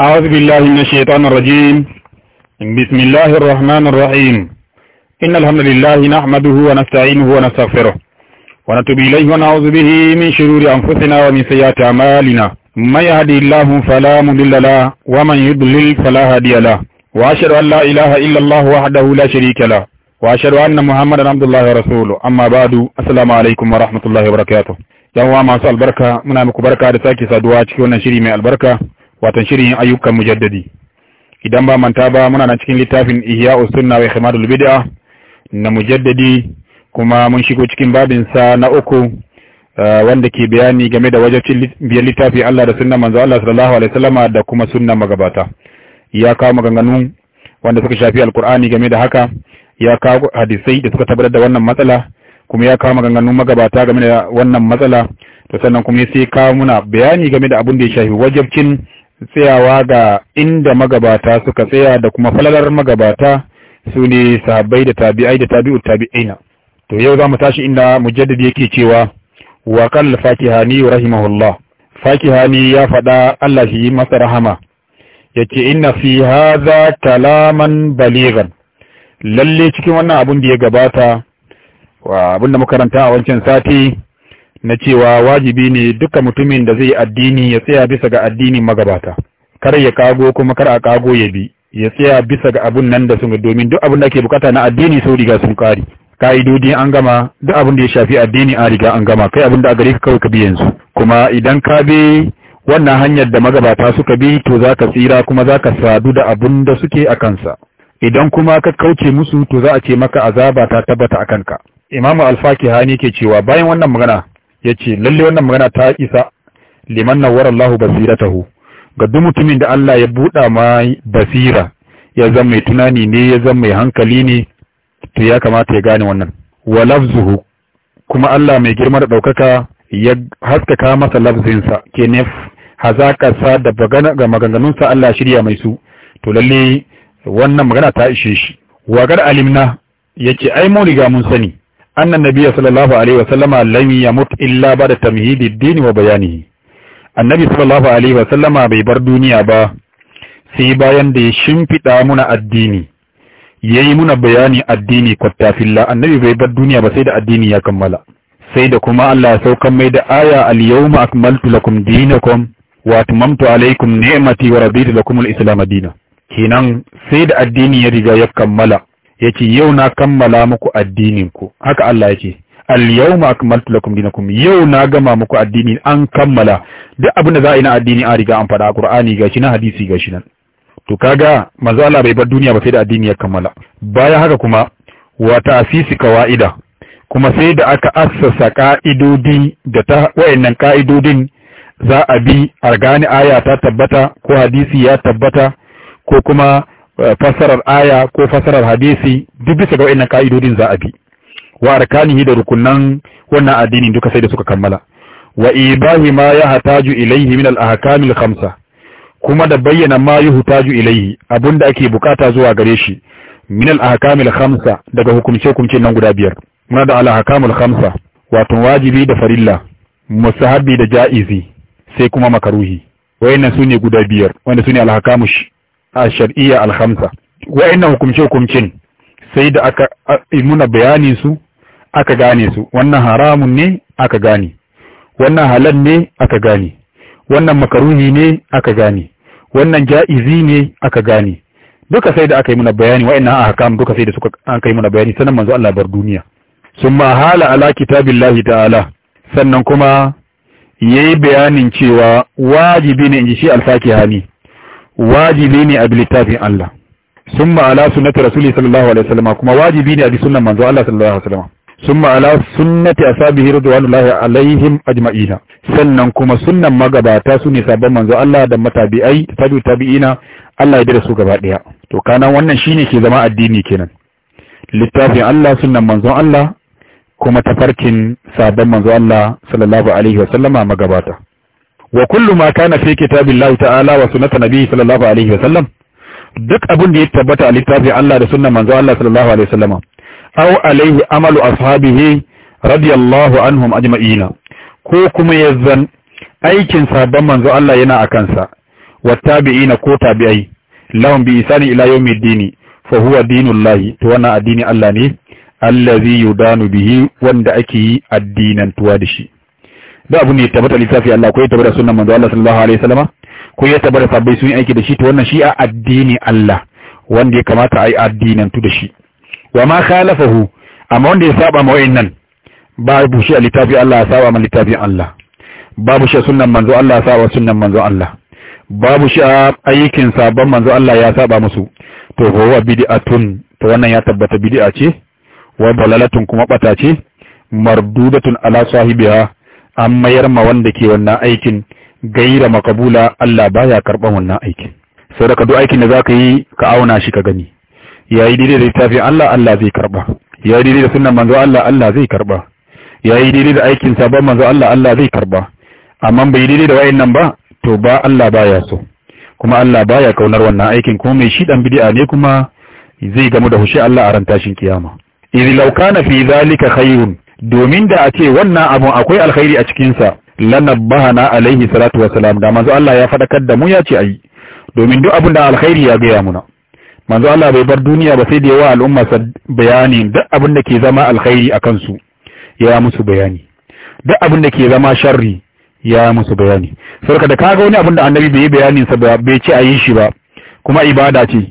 أعوذ بالله من الشيطان الرجيم بسم الله الرحمن الرحيم إن الحمد لله نحمده ونستعينه ونستغفره ونتوب إليه ونعوذ به من شرور أنفسنا ومن سيئات أعمالنا من يهدي الله فلا مضل له ومن يضلل فلا هادي له وأشهد أن لا إله إلا الله وحده لا شريك له وأشهد أن محمدا عبد الله ورسوله أما بعد السلام عليكم ورحمة الله وبركاته يا uwa البركة albarka muna muku barka da sake البركة watan shirin ayyukan mujaddadi idan ba manta ba muna nan cikin littafin ihya'us sunna wa ihmadul bid'a na mujaddadi kuma mun shigo cikin babin sa na uku eh, wanda ke bayani game da wajibcin biyan littafi Allah da sunnan manzo Allah sallallahu alaihi wasallama da kuma sunnan magabata ya kawo maganganu wanda suka shafi alqur'ani game da haka ya kawo hadisai da suka tabbatar da wannan matsala kuma ya kawo maganganun magabata game da wannan matsala to sannan kuma sai kawo muna bayani game da abin da ya shafi wajibcin tsayawa ga inda magabata suka tsaya da kuma falalar magabata su ne sahabbai da tabi'ai da tabi'u tabi'ina to yau za mu tashi inda mujaddid yake cewa wa kal fakihani rahimahullah fakihani ya faɗa Allah shi masa rahama yake inna fi hadha kalaman balighan lalle cikin wannan abun da ya gabata wa abin da muka karanta a wancan sati na cewa wajibi ne duka mutumin da zai yi addini ya tsaya bisa ga addinin magabata kar ya kago kuma kar a kago ya bi ya tsaya bisa ga abun nan da sun domin duk abun da ake bukata na addini sau riga sun kare ka'idodi an gama duk abin da ya shafi addini an riga an gama kai abin da a gare ka kawai ka bi yanzu kuma idan ka bi wannan hanyar da magabata suka bi to za ka tsira kuma za ka sadu da abun da suke a kansa idan kuma ka kauce musu to za a ce maka azaba ta tabbata a kanka imamu alfaki hani ke cewa bayan wannan magana yace lalle wannan magana ta isa liman nawwara Allahu basiratahu ga duk mutumin da Allah ya buɗa ma basira ya zama mai tunani ne ya zama mai hankali ne to ya kamata ya gane wannan wa lafzuhu kuma Allah mai girma da ɗaukaka ya haskaka masa lafzinsa kenef sa da ga maganganunsa Allah shirya mai su to lalle wannan magana ta ishe shi Wa wagar alimna yace ai mun riga mun sani annan nabiyya sallallahu alaihi wa sallama lam yamut illa ba da tamhidi dini wa bayanihi annabi sallallahu alaihi wa sallama bai bar duniya ba sai bayan da ya shimfiɗa muna addini yayi muna bayani addini kwattafilla annabi bai bar duniya ba sai da addini ya kammala sai da kuma Allah ya saukan mai da aya al-yawma akmaltu lakum dinakum wa atmamtu alaykum ni'mati wa raditu lakum al-islam dinan kenan sai da addini ya riga ya kammala yace yau na kammala muku addininku haka Allah ce al-yawma akmaltu lakum dinakum yau na gama muku addini an kammala duk da za a yi na addini an riga an faɗa Qur'ani gashi na hadisi gashi nan to kaga manzo Allah bai bar duniya ba sai da addini ya kammala baya haka kuma wa ta'sisi kawaida kuma sai da aka assasa ka'idodi da ta wayannan ka'idodin za a bi a gane aya ta tabbata ko hadisi ya tabbata ko kuma Eh, fasarar aya ko fasarar hadisi duk bisa ga wa'annan ka'idodin za a bi wa arkanihi da rukunan wannan addini duka sai da suka kammala wa ibahi ma ya hataju ilaihi min al ahkami al-khamsa kuma da bayyana ma ya hutaju ilaihi abinda ake bukata zuwa gare shi min al ahkami al-khamsa daga hukumce hukumce nan guda biyar muna da al ahkami al-khamsa wato wajibi da farilla musahabi da ja'izi sai kuma makaruhi wayannan sune guda biyar wanda sune al shi. a shar'iyya alhamsa wa'annan hukumce hukumcin sai da aka imuna bayani su aka gane su wannan haramun ne aka gane wannan halal ne aka gane wannan makaruhi ne aka gane wannan ja'izi ne aka gane duka sai da aka yi muna bayani wa'annan ahkam duka sai da suka an kai muna bayani sanan manzo Allah bar duniya summa hala ala kitabillahi ta'ala sannan kuma yayi bayanin cewa wajibi ne inji shi alfaki hani wajibi ne a littafin Allah summa ala sunnati rasuli sallallahu alaihi wasallam kuma wajibi ne a bi sunnan manzo Allah sallallahu alaihi wasallam summa ala sunnati ashabihi radwanullahi alaihim ajma'ina sannan kuma sunnan magabata su ne sabon manzo Allah da matabi'ai tabi'u tabi'ina Allah ya dare su gaba daya to kana wannan shine ke zama addini kenan littafin Allah sunnan manzon Allah kuma tafarkin sabon manzo Allah sallallahu alaihi wasallama magabata wa kullu ma kana fi kitabillahi ta'ala wa sunnati nabiyyi sallallahu alaihi wa sallam duk abin da ya tabbata a littafin Allah da sunnan manzo Allah sallallahu alaihi wa sallam aw alaihi amalu ashabihi radiyallahu anhum ajma'ina ko kuma yazan aikin sabon manzo Allah yana a wa wattabi'ina ko tabi'ai lahum bi isani ila dini fa huwa dinullahi to wannan addini Allah ne allazi yudanu bihi wanda ake yi addinan tuwa da shi da abun da ya tabbata lissafi Allah ko ya tabbata sunnan manzo Allah sallallahu alaihi wasallam ko ya tabbata sabbai sun yi aiki da shi to wannan shi a addini Allah wanda ya kamata a addinan tu da shi wa ma khalafahu amma wanda ya saba ma wayannan babu shi a Allah ya saba ma littafin Allah babu shi sunnan manzo Allah ya saba sunnan manzo Allah babu shi aikin sabon manzo Allah ya saba musu to huwa bid'atun to wannan ya tabbata bid'a ce wa dalalatun kuma bata ce mardudatun ala sahibiha an mayar ma wanda ke wannan aikin gaira makabula Allah baya karban wannan aikin sau da ka duk aikin da za ka yi ka auna shi ka gani ya yi daidai da littafin Allah Allah zai karba ya yi daidai da sunan manzo Allah Allah zai karba ya yi daidai da aikin sabon manzo Allah Allah zai karba amma bai daidai da wayannan ba to ba Allah baya so kuma Allah baya kaunar wannan aikin kuma mai shi dan bid'a ne kuma zai gamu da hushi Allah a ran tashin kiyama idh law kana fi zalika khayrun domin da a ce wannan abun akwai alkhairi a cikinsa lanabbahana alaihi salatu salam da manzo Allah ya fadakar da mu ya ce ai domin duk abin da alkhairi ya gaya muna manzo Allah bai bar duniya ba sai da yawa al'umma bayani duk abin da ke zama alkhairi a kansu ya musu bayani duk abin da ke zama sharri ya musu bayani sarka da kaga wani abin da annabi bai yi bayanin sa bai ce ayi shi ba kuma ibada ce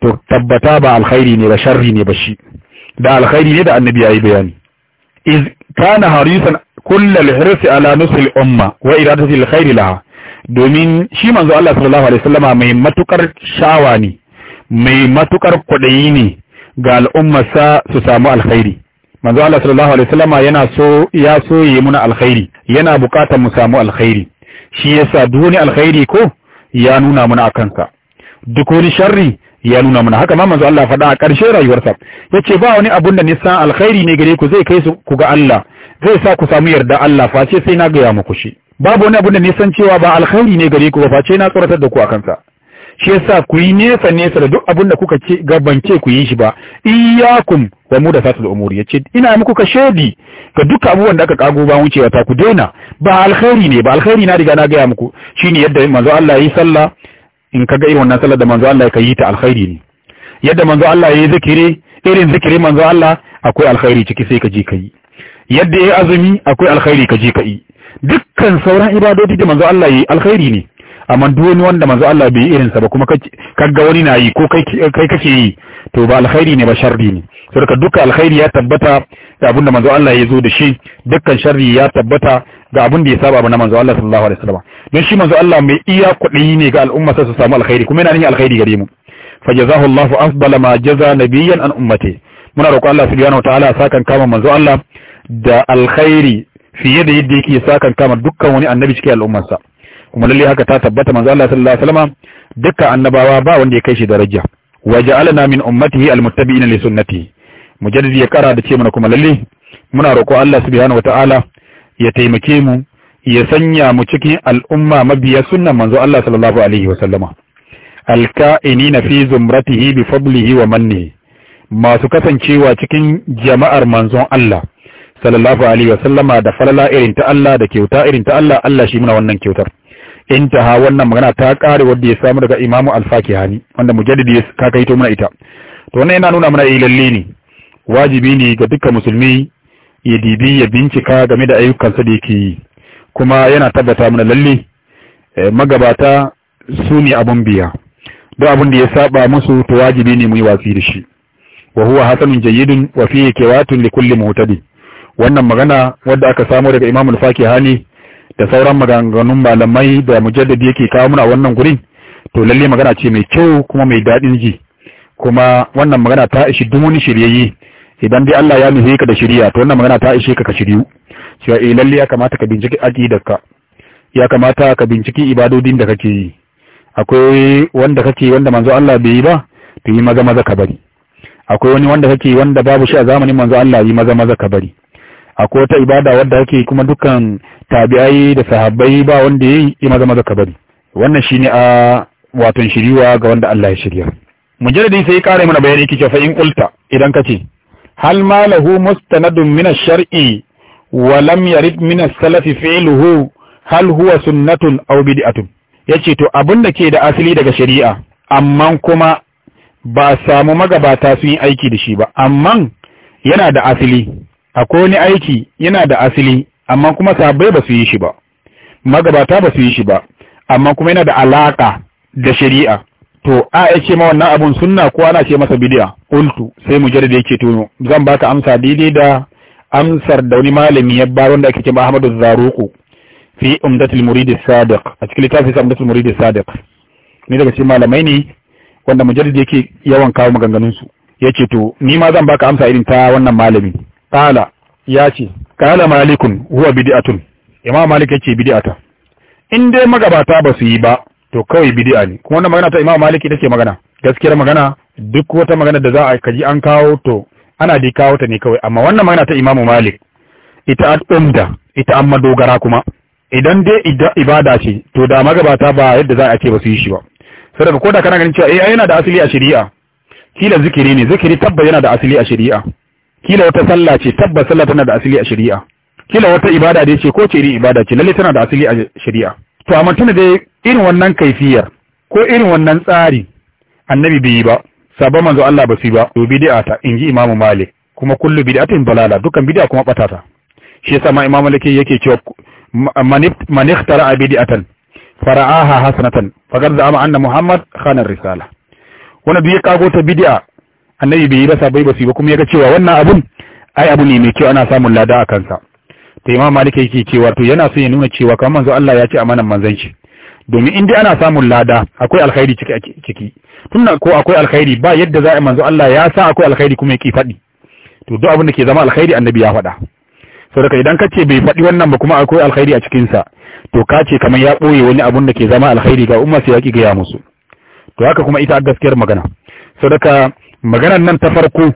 to tabbata ba alkhairi ne ba sharri ne ba shi da alkhairi ne da annabi yi bayani iz kana harisan kullal hirsi ala nusul umma wa iradati alkhairi laha domin shi manzo Allah sallallahu alaihi wasallama mai matukar shawa ne mai matukar kudayi ne ga al'ummarsa su samu alkhairi manzo Allah sallallahu alaihi wasallama yana so ya so yi muna alkhairi yana bukatar mu samu alkhairi shi yasa duk wani alkhairi ko ya nuna muna akan ka duk wani sharri ya nuna mana haka ma manzo Allah faɗa a ƙarshen rayuwarsa ce ba wani abun da nisan alkhairi ne gare ku zai kai su ku ga Allah zai sa ku samu yarda Allah face sai na gaya muku shi babu wani abun da nisan cewa ba alkhairi ne gare ku ba face na tsoratar da ku akan sa shi yasa ku yi nesa nesa da duk abun da kuka ce gabance ku yi shi ba iyyakum wa mudasatul umuri yace ina muku ka shedi ga duk abubuwan da aka kago ba wuce ta ku daina ba alkhairi ne ba alkhairi na riga na gaya muku shine yadda manzo Allah ya yi sallah in kaga irin wannan sallar da manzo Allah ya yi ta alkhairi ne yadda manzo Allah ya yi zikiri irin zikiri manzo Allah akwai alkhairi ciki sai ka je ka yadda yayi azumi akwai alkhairi ka je kai yi dukkan sauran ibadodi da manzo Allah yi alkhairi ne amma duk wani wanda manzo Allah bai irin sa ba kuma kaga wani na yi ko kai kake yi to ba alkhairi ne ba sharri ne saboda duka alkhairi ya tabbata Ga abin da manzo Allah ya zo da shi dukkan sharri ya tabbata ga abin da ya saba na manzo Allah sallallahu alaihi wasallam don shi manzo Allah mai iya kuɗi ne ga al'umma sai su samu alkhairi kuma yana nihin alkhairi gare mu fajazahu Allahu afdala ma jaza nabiyyan an ummati muna roƙon Allah subhanahu wataala sakan kama manzo Allah da alkhairi fiye da yadda yake sakan kama dukkan wani annabi cikin al'ummarsa kuma lalle haka ta tabbata manzo Allah sallallahu alaihi wasallam dukkan annabawa ba wanda ya kai shi daraja waja'alna min ummatihi almuttabi'ina li sunnatihi mujaddid ya kara da ce mana kuma lalle muna roƙo Allah subhanahu wataala ya taimake mu ya sanya mu cikin al'umma mabiya sunnan manzo Allah sallallahu alaihi wa sallama alka'inina fi zumratihi bi fadlihi wa manni masu kasancewa cikin jama'ar manzon Allah sallallahu alaihi wa sallama da falala irin ta Allah da kyauta irin ta Allah Allah shi muna wannan kyautar intaha wannan magana ta kare wanda ya samu daga Imam Al-Fakihani wanda mujaddidi ya kakaito muna ita to wannan yana nuna mana eh lalle ne wajibi ne ga dukkan musulmi ya dibi ya bincika game da ayyukansa da yake yi kuma yana tabbata mana lalle eh, magabata su ne abun biya don abin da ya saba musu to wajibi ne mu yi watsi da shi wa huwa hasanun jayyidun wa fihi watun li kulli muhtadi wannan magana wadda aka samu daga Imam al-Fakihani da sauran maganganun malamai da mujaddadi yake kawo muna wannan gurin to lalle magana ce mai kyau kuma mai dadin ji kuma wannan magana ta ishi dumuni shiryayye idan dai Allah ya nufi ka da shiriya to wannan magana ta ishe ka ka shiryu cewa eh lalle ya kamata ka binciki aqidarka ya kamata ka binciki ibadodin da kake yi akwai wanda kake wanda manzo Allah bai yi ba to yi maza maza ka bari akwai wani wanda kake wanda babu shi a zamanin manzo Allah yi maza maza ka bari akwai wata ibada wanda kake kuma dukkan tabi'ai da sahabbai ba wanda yayi yi maza maza ka bari wannan shine a waton shiriwa ga wanda Allah ya shirya mujarradi sai ya kare mana bayani kike fa in qulta idan kace hal ma lahu mustanadun min ash-shar'i wa lam yarid min as-salaf fi'luhu hal huwa sunnatun aw Ya yace to abin da ke da asali daga shari'a amma kuma ba samu magabata sun yi aiki da shi ba amma yana da asali akwai wani aiki yana da asali amma kuma sabai ba su yi shi ba magabata ba su yi shi ba amma kuma yana da alaka da shari'a to a ya ce ma wannan abun sunna ko ana ce masa bidiya ultu sai mu mujarrad yake tuno zan baka amsa daidai da amsar da wani malami ya ba wanda ake cewa Ahmadu Zaruqu fi Umdatul Murid Sadiq a cikin littafin sa Umdatul Murid Sadiq ni daga cikin malamai ne wanda mujarrad yake yawan kawo maganganun su yace to ni ma zan baka amsa irin ta wannan malami qala ya ce qala malikun huwa bid'atun imam malik yace bid'ata in dai magabata ba su yi ba to kawai bid'a ne kuma wannan magana ta Imam Malik ita ce magana gaskiyar magana duk wata magana da za a kaji an kawo to ana dai kawo ta ne kawai amma wannan magana ta Imam Malik ita an ita an madogara kuma idan dai ibada ce to da magabata ba yadda za a ce ba su yi shi ba saboda ko da kana ganin cewa eh yana da asali a shari'a kila zikiri ne zikiri tabba yana da asali a shari'a kila wata sallah ce tabba sallah tana da asali a shari'a kila wata ibada dai ce ko ce ibada ce lalle tana da asali a shari'a to amma tuna da irin wannan kaifiyar ko irin wannan tsari annabi bai yi ba sabon manzo Allah ba su yi ba to bid'a ta inji imamu malik kuma kullu bid'atin balala dukan bid'a kuma batata shi yasa ma imamu lake yake cewa man ikhtara bid'atan fara'aha hasanatan faqad za'ama anna muhammad khana risala wannan duk ya kago ta bid'a annabi bai yi ba sabai ba su yi ba kuma yaga cewa wannan abun ai abu ne mai kyau ana samun lada a kansa ta imam malik yake cewa to yana so ya nuna cewa kamar manzo Allah ya ce amanan manzanci domin in ana samun lada akwai alkhairi ciki ciki tunda ko akwai alkhairi ba yadda za a manzo Allah ya sa akwai alkhairi kuma ya fadi faɗi to duk abin da ke zama alkhairi annabi ya faɗa saboda idan ka ce bai faɗi wannan ba kuma akwai alkhairi a cikin sa to ka ce kamar ya boye wani abun da ke zama alkhairi ga umma sai yaki gaya musu to haka kuma ita gaskiyar magana saboda maganar nan ta farko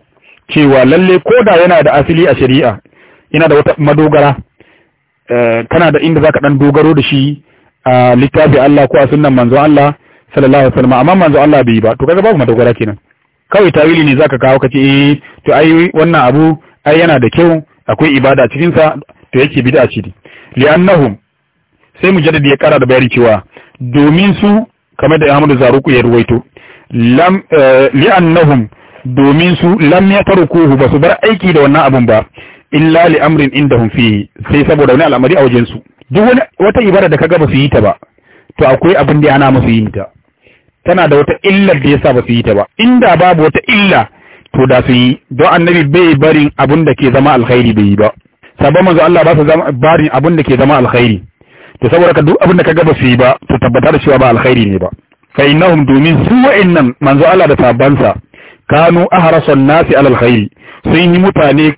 cewa lalle koda yana da asili a shari'a Ina da wata madogara eh, kana da inda zaka dan dogaro da shi a littafi Allah ko a sunnan manzo Allah sallallahu alaihi wasallam amma manzo Allah bai ba to kaga babu madogara kenan kawai tawili ne zaka kawo kace eh to ai wannan abu ai yana da kyau akwai ibada cikin sa to yake bid'a ce annahum sai mujaddid ya kara da bayani cewa domin su kamar da Ahmadu Zaruku ya ruwaito lam eh, annahum domin su lam ba su bar aiki da wannan abun ba illa li amrin indahum fihi sai saboda wani al'amari a wajen su duk wani wata ibada da kaga ba su yi ta ba to akwai abin da ana musu yin ta tana da wata illar da yasa ba su yi ta ba inda babu wata illa to da su yi don annabi bai barin abin da ke zama alkhairi bai yi ba sabon manzo Allah ba su zama barin abin da ke zama alkhairi to saboda ka duk abin da kaga ba su yi ba to tabbatar cewa ba alkhairi ne ba fa innahum domin su wa'annan manzo Allah da sabansa kanu ahrasun nasi alal khairi sun yi mutane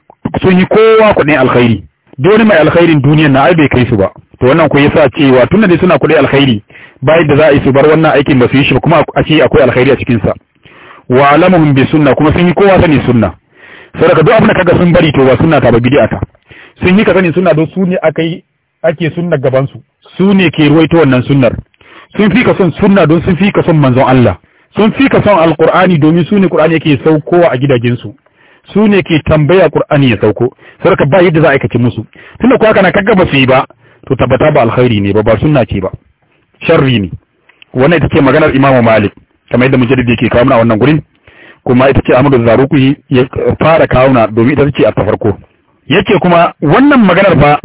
sun yi kowa kuɗin alkhairi dole mai alkhairin duniyan na ai bai kai su ba to wannan ku yasa cewa tunda dai suna kudai alkhairi bayan da za a yi su bar wannan aikin ba su yi shi kuma a ce akwai alkhairi a cikin sa wa alamuhum bi sunna kuma sun yi kowa sani sunna saboda duk abin da kaga sun bari to ba sunna ta ba bid'a ta sun yi ka sani sunna don su ne akai ake sunna gaban su su ne ke ruwaito wannan sunnar sun fi ka son sunna don sun fi ka son manzon Allah sun fi ka son alqur'ani domin su ne qur'ani yake saukowa a gidajensu su ne ke tambaya ƙurani ya sauko sarka ba yadda za a aikace musu tunda ko haka na kaga ba su yi ba to tabbata ba alkhairi ne ba ba sunna ce ba sharri ne wannan ita ce maganar imamu malik kamar yadda mujaddid yake kawo mana wannan gurin kuma ita ce amadu zaruku ya fara kawo na domin ita ce a ta farko yake kuma wannan maganar ba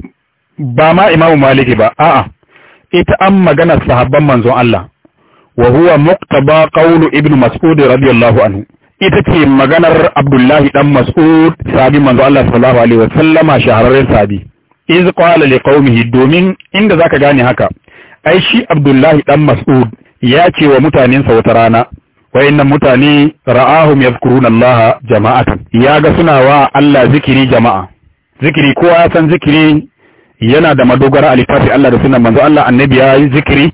ba ma imamu malik ba a'a ita an magana sahabban manzon Allah wa huwa muqtaba qawlu ibnu mas'ud radiyallahu anhu ita ce maganar Abdullahi dan Mas'ud sabi manzo Allah sallallahu alaihi wasallama shahararren sabi iz qala liqaumihi domin inda zaka gane haka ai shi Abdullahi dan Mas'ud ya ce wa mutanensa wata rana wayannan mutane ra'ahum yadhkuruna Allah jama'atan ga suna wa Allah zikiri jama'a zikiri kowa ya san zikiri yana da madogara a littafi Allah da sunan manzo Allah annabi ya yi zikiri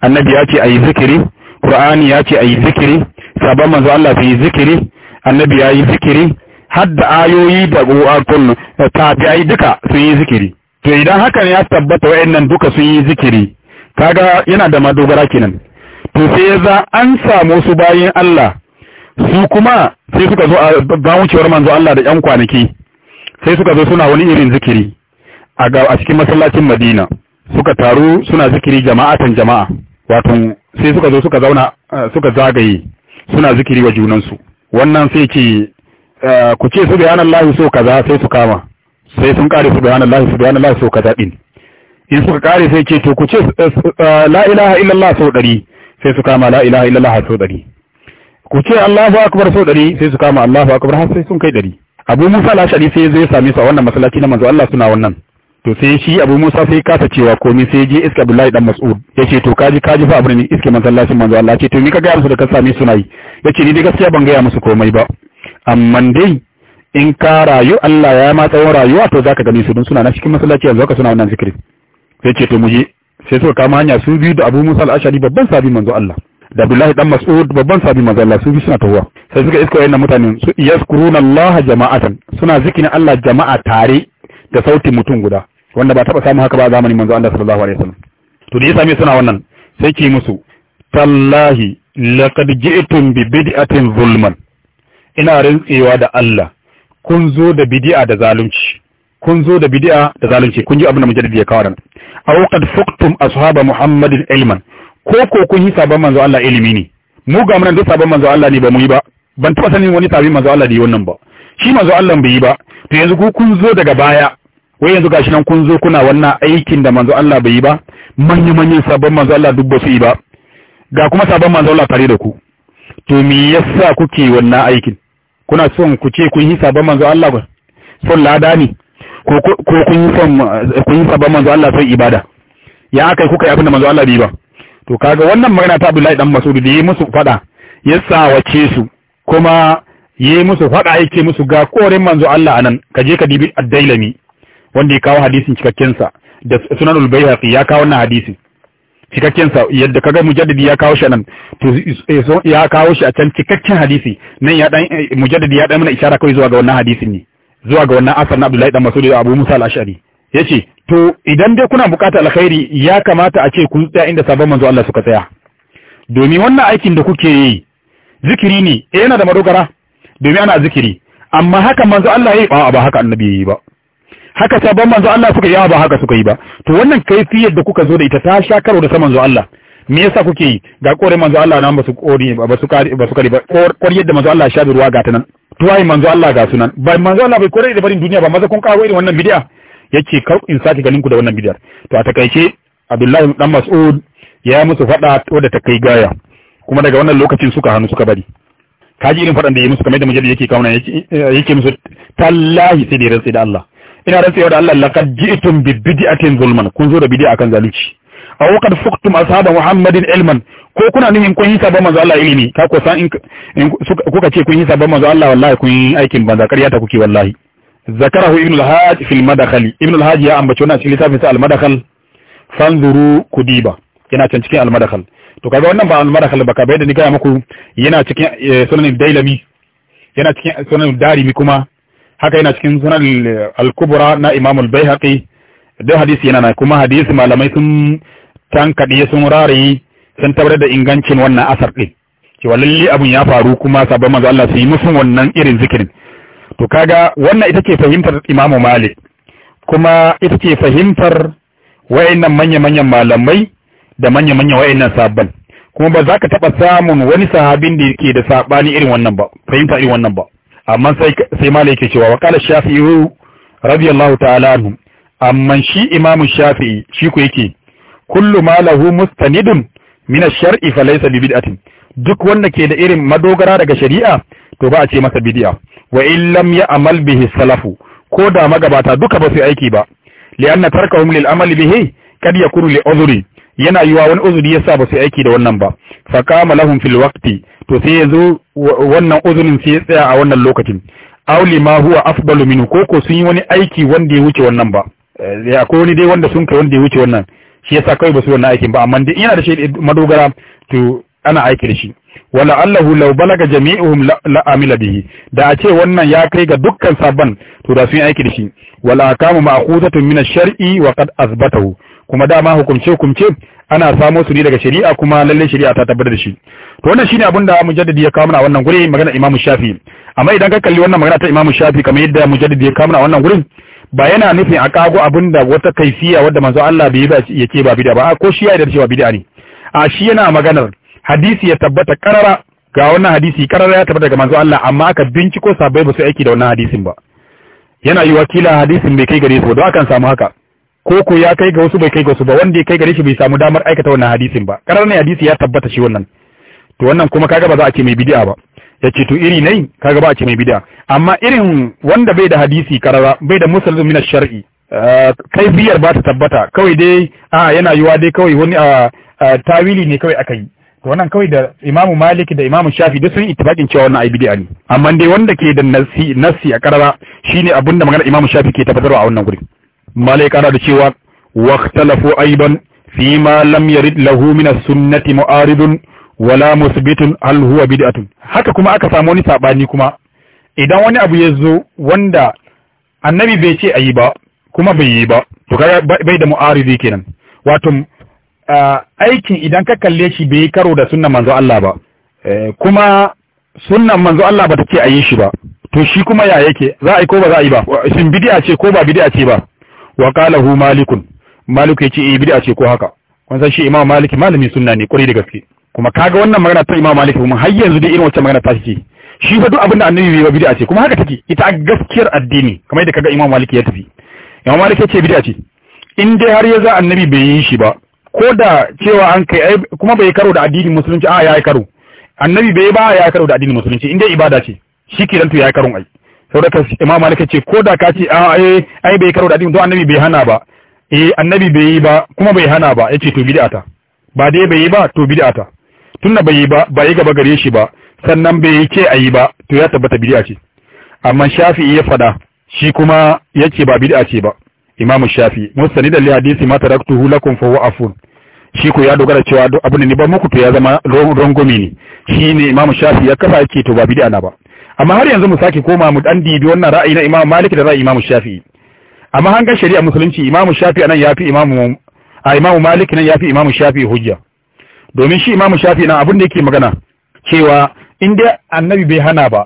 annabi ya ce ayi zikiri Qur'ani ya ce ayi zikiri sabon manzo Allah fi zikiri annabi ya yi zikiri har da ayoyi da ƙoƙon tabi'ai duka sun yi zikiri to idan haka ne ya tabbata wa'annan duka sun yi zikiri kaga yana da madogara kenan to sai za an samu su bayin Allah su kuma sai suka zo a wucewar manzo Allah da ƴan kwanaki sai suka zo suna wani irin zikiri a a cikin masallacin Madina suka taru suna zikiri jama'atan jama'a wato sai suka zo suka zauna eh, suka zagaye suna zikiri wa junansu wannan sai ce eh, ku ce su lahi so kaza sai su kama sai sun kare su bayanan lahi so kaza din in suka kare sai ce to ku ce eh, eh, la ilaha illallah so dari sai su kama la ilaha illallah so dari ku ce Allahu akbar so dari sai su kama Allahu akbar har sai sun kai dari Abu Musa la shari sai zai sami same su a wannan masallaci na manzo Allah suna wannan to sai shi abu musa sai kasa cewa komi sai je iska abdullahi dan mas'ud yace to kaji kaji fa abin iske masallacin manzo Allah ce to ni ka ga musu da ka sami suna yi yace ni dai gaskiya ban gaya musu komai ba amma dai in ka rayu Allah ya ma tsawon rayuwa to zaka gani su dun suna na cikin masallaci yanzu ka suna wannan zikiri yace to mu je sai suka kama hanya su biyu da Abu Musa al-Ashari babban sabi manzo Allah da Abdullahi dan Mas'ud babban sabi manzo Allah su biyu suna tawwa sai suka iska wayannan mutanen su yaskuruna Allah jama'atan suna zikirin Allah jama'a tare da sautin mutum guda wanda ba taɓa samu haka ba zamanin manzo Allah sallallahu alaihi wasallam to da ya same suna wannan sai ki musu tallahi laqad ji'tum bi bid'atin zulman ina rantsewa da Allah kun zo da bid'a da zalunci kun zo da bid'a da zalunci kun ji abin da mujaddid ya kawo nan aw qad fuqtum ashaba muhammadin ilman ko ko kun yi sabon manzo Allah ilimi ne mu ga mun da sabon manzo Allah ne ba mu yi ba ban taɓa sanin wani sabon manzo Allah da yi wannan ba shi manzo Allah bai yi ba to yanzu ku kun zo daga baya wai yanzu gashi nan kun zo kuna wannan aikin da manzo Allah bai yi ba manya-manyan sabon manzo Allah duk ba su yi ba ga kuma sabon manzo Allah tare da ku to me yasa kuke wannan aikin kuna son ku ce kun yi sabon manzo Allah ba son lada ne ko kun yi son kun yi sabon manzo Allah son ibada ya akai kuka yi abin da manzo Allah bai ba to kaga wannan magana ta Abdullahi dan Mas'ud da yi musu fada yasa wace su kuma yi musu fada yake musu ga korin manzo Allah anan kaje ka dibi addailami wanda ya kawo hadisin cikakken sa da sunan al ya kawo wannan hadisin cikakken sa yadda kaga mujaddidi ya kawo shi nan to eh, ya kawo shi a can cikakken hadisi nan ya dan eh, mujaddidi ya dan mana isharar kai zuwa ga wannan hadisin ne zuwa ga wannan asar na Abdullahi dan Masudi da Abu Musa al-Ash'ari yace to idan dai kuna bukata alkhairi ya kamata a ce kun tsaya inda sabon manzo Allah suka tsaya domin wannan aikin da kuke yi zikiri ne eh yana da madogara domin ana zikiri amma haka manzo Allah yayi ba ba haka annabi yayi ba haka sabon manzo Allah suka yi ba haka suka yi ba to wannan kaifiyar da kuka zo da ita ta sha karo da ta manzo Allah me yasa kuke yi ga kore manzo Allah ba basu kore ba su kare ba su kare ba kor yadda manzo Allah sha ruwa ga ta nan tuwayi manzo Allah ga sunan ba manzo Allah bai kore da barin duniya ba maza kun kawo irin wannan bid'a yace kar in saki ganin ku da wannan bid'ar to a takaice Abdullahi dan Mas'ud ya musu fada to da takai gaya kuma daga wannan lokacin suka hannu suka bari kaji irin fadan da ya musu kamar da mujallid yake kauna yake musu tallahi sai da rantsi da Allah ina yau da Allah laqad ji'tum bi bid'atin zulman kun zo da bid'a akan zalunci aw qad fuqtum ashab muhammadin ilman ko kuna in kun yi sabon manzo Allah ilimi ka ko san kuka ce kun yi sabon manzo Allah wallahi kun yi aikin banza ƙarya ta kuke wallahi zakarahu ibn al-hajj fi al ibn al-hajj ya ambace wannan cikin littafin sa al-madkhal fanzuru kudiba yana can cikin al-madkhal to kaga wannan ba al-madkhal ba ka bai da ni ga muku yana cikin eh, sunan dailami yana cikin sunan darimi kuma haka yana cikin sunan al-kubra na imam al-baihaqi don hadisi yana na kuma hadisi malamai sun tankaɗe sun rarayi sun tabbatar da ingancin wannan asar ɗin cewa lalle abun ya faru kuma sabon manzo Allah sai yi musu wannan irin zikirin to kaga wannan ita ce fahimtar Imam Malik kuma ita ce fahimtar wayannan manya-manyan malamai da manya-manyan wayannan sabban kuma ba za ka taɓa samun wani sahabin da ke da saɓani irin wannan ba fahimta irin wannan ba amma sai ma malai yake cewa wa qala shafi'i radiyallahu ta'ala anhu amma shi imamu shafi'i shi ku yake kullu ma lahu mustanidun min ash-shar'i fa laysa bi bid'atin duk wanda ke da irin madogara daga shari'a to ba a ce masa bid'a wa in lam ya'mal bihi salafu ko da magabata duka ba su aiki ba li'anna tarkahum lil amali bihi kad yakunu li uzuri yana yiwa wani uzuri yasa ba su aiki da wannan ba fa qama lahum fil waqti to sai yanzu zo wannan uzunin sai ya tsaya a wannan lokacin auli ma huwa afdalu minhu koko sun yi wani aiki wanda ya wuce wannan ba eh, akwai wani dai wanda sun kai wanda ya wuce wannan shi yasa kai ba su wannan aikin ba amma dai yana da shi madogara to ana aiki da shi wala allahu law balaga jami'uhum la amila bihi da a ce wannan ya kai ga dukkan sabban to da sun yi aiki da shi wala kama ma'khuzatun min ash-shar'i wa qad azbatahu kuma dama hukumce hukumce ana samo su ne daga shari'a kuma lallai shari'a ta tabbatar da shi to wannan shine abin da mujaddidi ya kawo mana wannan gure magana Imam Shafi amma idan ka kalli wannan magana ta Imam Shafi kamar yadda mujaddidi ya kawo mana wannan gurin ba yana nufin a kago abin da wata kaifiya wadda manzo Allah bai ba yake ba bid'a ba ko shi ya yarda cewa bid'a ne a shi yana maganar hadisi ya tabbata karara ga wannan hadisi karara ya tabbata ga manzo Allah amma aka binciko sabai ba su aiki da wannan hadisin ba yana yi wakila hadisin bai kai gare su ba don akan samu haka ko ko ya kai ga wasu bai kai ga wasu ba wanda ya kai gare shi bai samu damar aikata wannan hadisin ba karar ne hadisi ya tabbata shi wannan to wannan kuma kaga ba za a ce mai bid'a ba yace to iri nai kaga ba a ce mai bid'a amma irin wanda bai da hadisi karara bai da muslim min shar'i eh, kai biyar ba ta tabbata kawai dai a yana yiwa dai kawai wani a tawili ne kawai aka yi to wannan kawai da Imam Malik da Imam Shafi duk sun ittifaqin cewa wannan ai bid'a ne amma dai wanda ke da nasi nasi a karara shine abinda magana Imam Shafi ke tabbatarwa a wannan gurin malai kana da cewa waqtalafu aidan fi ma lam yarid lahu min as-sunnati mu'aridun wala musbitun hal huwa bid'atun haka kuma aka samu wani sabani kuma idan wani abu ya zo wanda annabi bai ce ayi ba kuma bai yi ba to kaga bai da mu'aridi kenan wato aikin idan ka kalle shi bai karo da sunnan manzo Allah ba eh, kuma sunnan manzo Allah ba ta ce ayi shi ba to shi kuma ya yake za a yi ko ba za a yi ba shin bid'a ce ko ba bid'a ce ba wa kala hu malikun ya yace eh bid'a ce ko haka kun san shi imam malik malami sunna ne kuri da gaske kuma kaga wannan magana ta imam malik kuma har yanzu da irin wacce magana ta shi shi fa duk abin da annabi bai bid'a ce kuma haka take ita gaskiyar addini kamar yadda kaga imam malik ya tafi imam malik yace bid'a ce in dai har ya za annabi bai yi shi ba ko da cewa an kai kuma bai karo da addinin musulunci a ya yi karo annabi bai ba ya karo da addinin musulunci in dai ibada ce shi ke to ya yi ai saboda imam malik ce ko da ka ce ai ai bai karo da din don annabi bai hana ba eh annabi bai yi ba kuma bai hana ba yace to bid'ata ba dai bai yi ba to bid'ata tunna bai yi ba bai gaba gare shi ba sannan bai ce ayi ba to ya tabbata bid'a ce amma shafi'i ya fada shi kuma yace ba bid'a ce ba imam shafi'i mustanidan li hadisi ma taraktuhu lakum fa huwa afun shi ko ya dogara cewa duk abin ni ba muku to ya zama rongomi ne shine imam shafi'i ya kafa yake to ba bid'a na ba amma har yanzu mu sake koma mu dan dibi wannan ra'ayi na Imam Malik da ra'ayi Imam Shafi'i amma hangar shari'a musulunci Imam Shafi'i nan yafi Imam a Imam Malik nan yafi Imam Shafi'i hujja domin shi Imam Shafi'i nan abin da yake magana cewa in dai annabi bai hana ba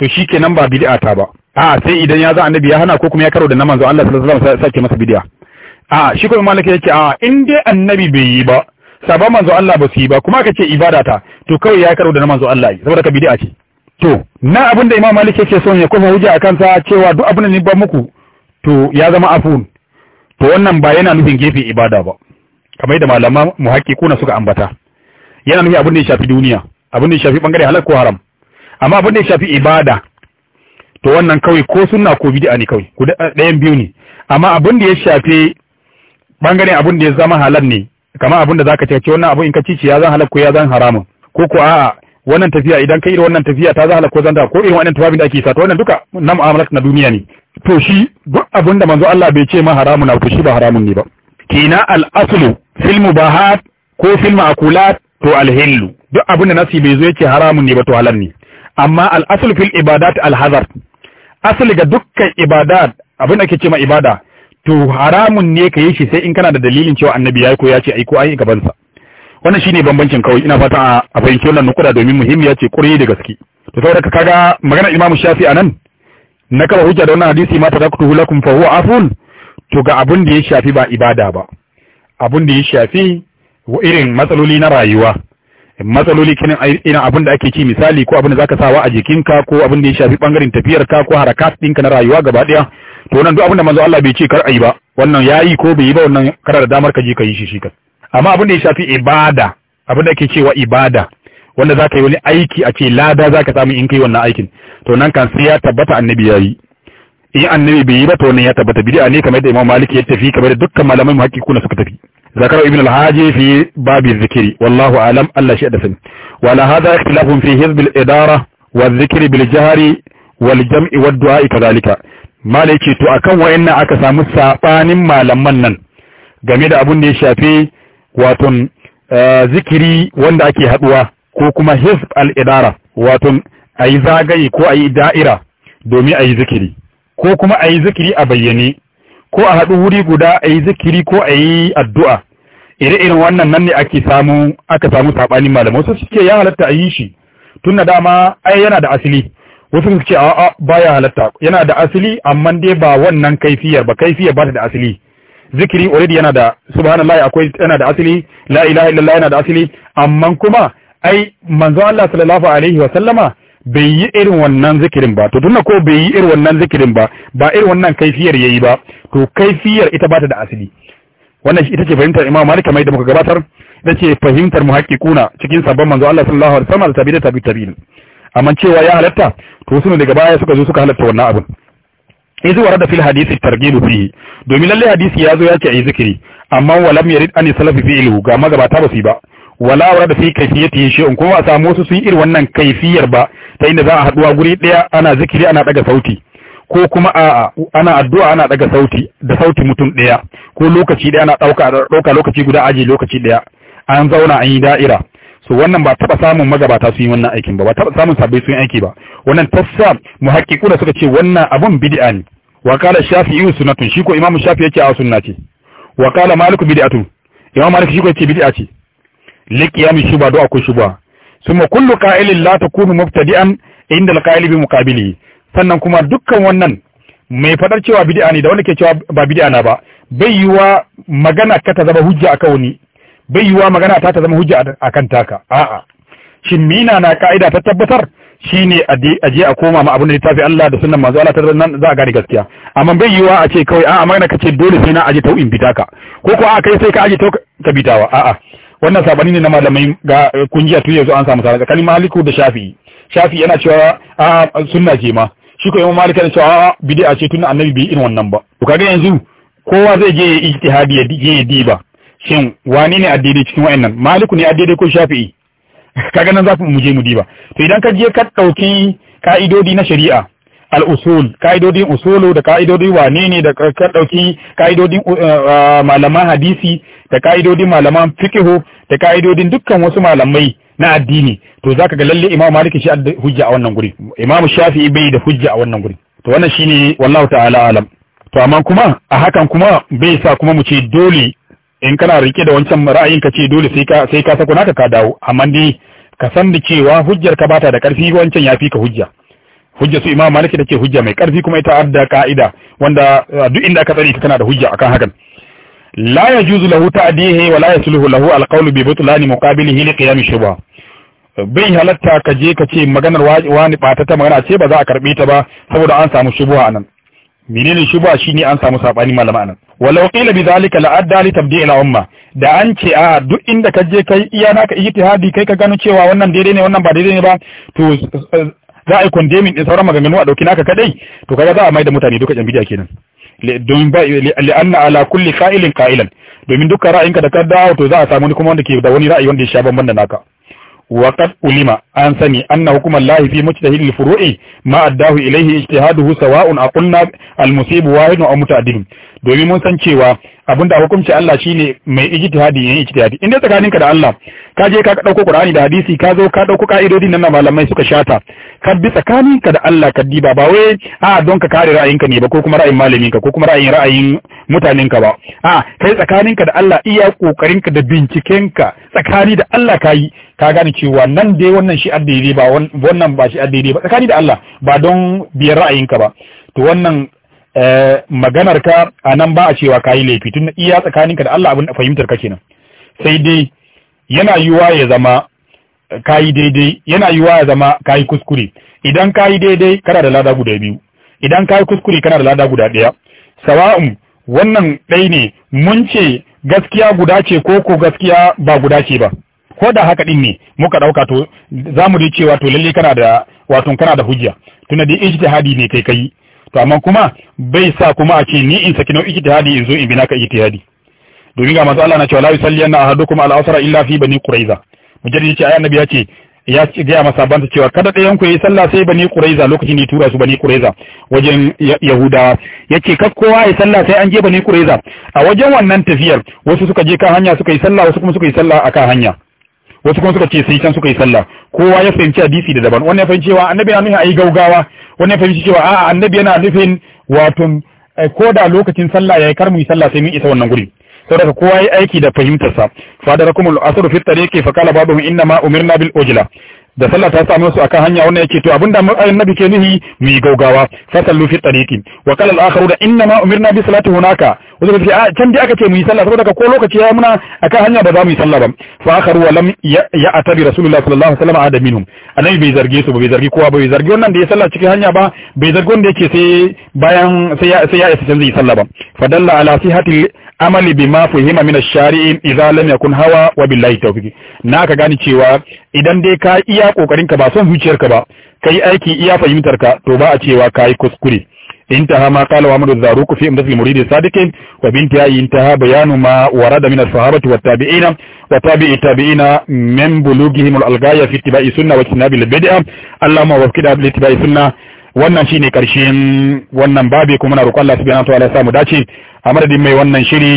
to shikenan ba bid'a ta ba a sai idan ya za annabi ya hana ko kuma ya karo da na manzo Allah sallallahu alaihi wasallam sake masa bid'a a shi kuma Malik yake a in dai annabi bai yi ba sabon manzo Allah ba su yi ba kuma aka ce ibada ta to kawai ya karo da na manzo Allah saboda ka bid'a ce to na abin da imam malik yake son ya kofa hujja a kansa cewa duk abin da ni ba muku to ya zama afun to wannan ba yana nufin gefe ibada ba kamar da malama muhakkikuna suka ambata yana nufin abin da ya shafi duniya abin da ya shafi bangare halal ko haram amma abin da ya shafi ibada to wannan kawai ko sunna ko bid'a ne kawai ku ɗayan biyu ne amma abin da ya shafi bangare abin da ya zama halal ne kamar abin da zaka ce wannan abin in ka ci ya zan halal ko ya zan haramun ko ko a'a wannan tafiya idan ka irin wannan tafiya ta zahala ko zanda ko irin wannan tufafin da ake sa ta wannan duka na mu'amalat na duniya ne to shi duk abin da manzo Allah bai ce ma haramun na to shi ba haramun ne ba kina al-aslu fil mubahat ko fil ma'kulat to al-hillu duk abin da nasi bai zo yake haramun ne ba to halal ne amma al-aslu fil ibadat al-hazar asali ga dukkan ibadat abin da ake ce ma ibada to haramun ne ka yi shi sai in kana da dalilin cewa annabi ya ko ya ce ai ko ai gaban sa wannan shine bambancin kawai ina fata a fahimci wannan nukuda domin muhimmiya ce ƙuri da gaske to saboda ka kaga magana imamu shafi anan na kaba hujja da wannan hadisi ma taraktuhu lakum fa huwa afun to ga abun da ya shafi ba ibada ba abun da ya shafi irin matsaloli na rayuwa matsaloli kinin ina abin da ake ci misali ko abin da zaka sawa a jikinka ko abin da ya shafi bangaren tafiyar ka ko harakat ɗinka na rayuwa gaba daya to nan duk abin da manzo Allah bai ce kar ayi ba wannan yayi ko bai yi ba wannan kana da damar ka je ka yi shi shi kan amma abin da ya shafi ibada abin da ake cewa ibada wanda zaka yi wani aiki a ce lada zaka samu in kai wannan aikin to nan kan sai ya tabbata annabi yi in annabi bai yi ba to ne ya tabbata bid'a ne kamar da Imam maliki ya tafi kamar da dukkan malamai muhaqqiquna suka tafi ذكر ابن da في wa الذكر والله أعلم ألا شيء دفن وعلى هذا اختلاف في حزب الإدارة والذكر بالجهر والجمع والدعاء كذلك ما ليكي تؤكم وإن samu الساطان malaman nan game da abun da ya shafi waton eh, zikiri wanda ake haduwa ko kuma hisb al-idara waton ayi zagaye ko ayi da'ira domin ayi zikiri ko kuma ayi zikiri a bayyane ko a hadu wuri guda ayi zikiri ko ayi addu'a ire-iren wannan nan ne ake samu aka samu sabani malamai wasu suke ya halatta a yi shi tun da dama ai yana da asili wasu suke a'a baya halatta yana da asili amma dai ba wannan kaifiyar ba kaifiyar ba ta da asili zikiri already yana da subhanallahi akwai yana da asili la ilaha illallah yana da asili amma kuma ai manzon Allah sallallahu alaihi wa sallama bai yi irin wannan zikirin ba to tunda ko bai yi irin wannan zikirin ba ba irin wannan kaifiyar yayi ba to kaifiyar ita bata da asili wannan ita ce fahimtar Imam Malik kamar da muka gabatar ita ce fahimtar muhaqqiquna cikin sabon manzo Allah sallallahu alaihi wa wasallam da tabi'in tabi'in amma cewa ya halatta to su daga baya suka zo suka halatta wannan abin iz warada fil hadisi targilu fihi domin lalle hadisi ya zo ya ce ayi zikiri amma walam yarid an salafi fi'lu ga magabata ba su ba wala warada fi kayfiyati shay'un kuma a samu wasu sun irin wannan kaifiyar ba ta inda za a haduwa guri daya ana zikiri ana daga sauti ko kuma a'a ana addu'a ana daga sauti da sauti mutum daya ko lokaci daya ana dauka dauka lokaci guda aje lokaci daya an zauna an yi da'ira so wannan ba taba samun magabata sun yi wannan aikin ba ba taba samun sabbai sun aiki ba wannan tassa da suka ce wannan abun bid'a ne wa qala shafi'i sunnatun shi ko imamu shafi yake a sunna ce wa qala malik bid'atun imam malik shi ko yake bid'a ce li qiyam shuba do akwai shuba summa kullu qa'ilin la takunu mubtadi'an inda al-qa'ili bi muqabilihi sannan kuma dukkan wannan mai fadar cewa bid'a ne da wanda ke cewa ba bid'a na ba bai yiwa magana ka ta zama hujja akan wani bai yiwa magana ta ta zama hujja a kan taka a'a shin mina na ka'ida ta tabbatar Shi ne a je a koma ma abin da littafi Allah da sunan manzo Allah tarar nan za a gari gaskiya amma bai yiwa a ce kawai a'a magana kace dole sai na aje tau in bita ka ko ko a kai sai ka aje tau ka bitawa a'a wannan sabani ne na malamai ga kungiya tun yanzu an samu saraka kalma maliku da shafi'i shafi'i yana cewa a sunna ce ma shi ko imam malik yana cewa a bid'a ce tun annabi bai irin wannan ba to kaga yanzu kowa zai je ya ijtihadi ya je ya diba shin wani ne addini cikin wayannan maliku ne addini ko shafi'i kaga nan za mu je mu diba to idan ka je ka dauki ka'idodi na shari'a al-usul ka'idodin usulu da ka'idodi wane ne da ka dauki ka'idodin uh, uh, malaman hadisi da ka'idodin malaman fiqh da ka'idodin dukkan wasu malamai na addini to zaka ga lalle Imam maliki shi da hujja a wannan guri Imam Shafi'i bai da hujja a wannan guri to wannan shine wallahu ta'ala alam to amma kuma a hakan kuma bai sa kuma mu ce dole in kana rike da wancan ra'ayin ka ce dole sai ka sai ka sako naka ka dawo amma dai ka san da cewa hujjar ka bata da karfi wancan yafi ka hujja hujja su imam maliki take hujja mai karfi kuma ita adda ka'ida wanda uh, duk inda ka tsare ka tana da hujja akan hakan la yajuzu lahu ta'dihi wa la yasluhu lahu alqawlu bi butlani muqabilihi li qiyam shubha bai halatta ka je ka ce maganar wani bata ta magana ce ba za a karbe ta ba saboda an samu shubha anan menene shubha shine an samu sabani malama anan walau qila bidhalika la'adda li tabdi'il umma da an ce a duk inda ka je kai iya naka ijtihadi kai ka gano cewa wannan daidai ne wannan ba daidai ne ba to za a yi condemning din sauran maganganu a dauki naka kadai to kaga za a mai da mutane duka jan bidiya kenan domin ba li'anna ala kulli qa'ilin qa'ilan domin dukkan ra'ayinka da ka dawo to za a samu kuma wanda ke da wani ra'ayi wanda ya sha bamban da naka وقد علم أن سني أن حكم الله في مجتهد الفروع ما أداه إليه اجتهاده سواء أقلنا المصيب واحد أو متعدد domin mun san cewa abin da hukunci Allah shine mai ijtihadi yayin ijtihadi inda tsakaninka da Allah ka je ka dauko Qur'ani da hadisi ka zo ka dauko ka'idodin nan malamai suka shata ka bi tsakaninka da Allah ka diba ba wai a don ka kare ra'ayinka ne ba ko kuma ra'ayin malamin ka ko kuma ra'ayin ra'ayin mutanen ka ba a kai tsakaninka da Allah iya kokarinka da bincikenka tsakani da Allah kai ka gane cewa nan dai wannan shi addini ba wannan ba shi addini ba tsakani da Allah ba don biyar ra'ayinka ba to wannan Eh, maganar ka a nan ba a cewa kayi laifi tun iya tsakaninka da Allah abin fahimtar ka kenan sai dai yana yiwa ya zama kayi daidai yana yiwa ya zama kayi kuskure idan kayi daidai kana da lada guda biyu idan kayi kuskure kana da lada guda ɗaya sawa'un wannan ɗai ne mun ce gaskiya guda ce ko ko gaskiya ba guda ce ba ko da haka din ne muka ɗauka to za mu cewa to lalle kana da wato kana da hujja tunda dai ijtihadi ne kai kai to amma kuma bai sa kuma a ce ni in saki nau'i ijtihadi in zo in bi naka ijtihadi domin ga manzo Allah na cewa la yusalliyanna ahadukum ala asra illa fi bani quraiza mujaddid ya ce ayi nabi ya ce ya ga masa banta cewa kada ɗayan ku yi sallah sai bani quraiza lokacin da tura su bani quraiza wajen Yahuda yace kar kowa yi sallah sai an je bani quraiza a wajen wannan tafiyar wasu suka je kan hanya suka yi sallah wasu kuma suka yi sallah akan hanya wasu kuma suka ce sai can suka yi sallah kowa ya fahimci hadisi da daban wannan ya fahimci cewa annabi ya nuna ayi gaugawa wannan fahimci cewa a annabi yana nufin wato eh, ko da lokacin sallah yayi kar muyi sallah sai mun isa wannan guri saboda kowa yayi aiki da fahimtar sa fadarakumul asru fi tariqi fa qala ba'dhum inna ma umirna bil ujla da sallah ta samu su akan hanya wannan yake to abinda annabi ke nihi mu yi gaugawa fa sallu fi tariqi wa qala al-akharu inna ma umirna bi salati hunaka wanda kace a ah, can dai aka ce mu yi sallah saboda ko lokaci ya muna akan hanya ba za mu yi sallah ba fa akharu wa lam ya atabi rasulullahi sallallahu alaihi wasallam adam minhum annabi bai zarge su ba bai zargi kowa ba bai zargi wannan da ya sallah cikin hanya ba bai zargi wanda yake sai bayan sai ya isa can zai yi sallah ba fa dalla ala sihati amali bima fuhima min ash-shari'i idza lam yakun hawa wa billahi tawfiq na ka gani cewa idan dai ka iya kokarin ka ba son zuciyarka ba kai aiki iya fahimtar ka to ba a cewa kai kuskure انتهى ما قاله عمر الزاروق في امدة المريد الصادق وبانتهاء انتهى بيان ما ورد من الصحابة والتابعين وتابع التابعين من بلوغهم الألغاية في اتباع السنة واجتناب البدعة اللهم وفقنا لاتباع السنة wannan shine karshen wannan babi kuma na roƙon Allah subhanahu wataala ya samu dace a madadin mai wannan shiri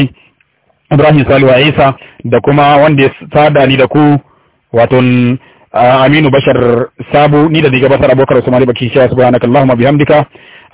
Ibrahim Salihu Isa da kuma wanda ya sada ni da ku wato Aminu Bashar Sabu ni da ni gabatar abokar Usman Baki shi subhanakallahumma bihamdika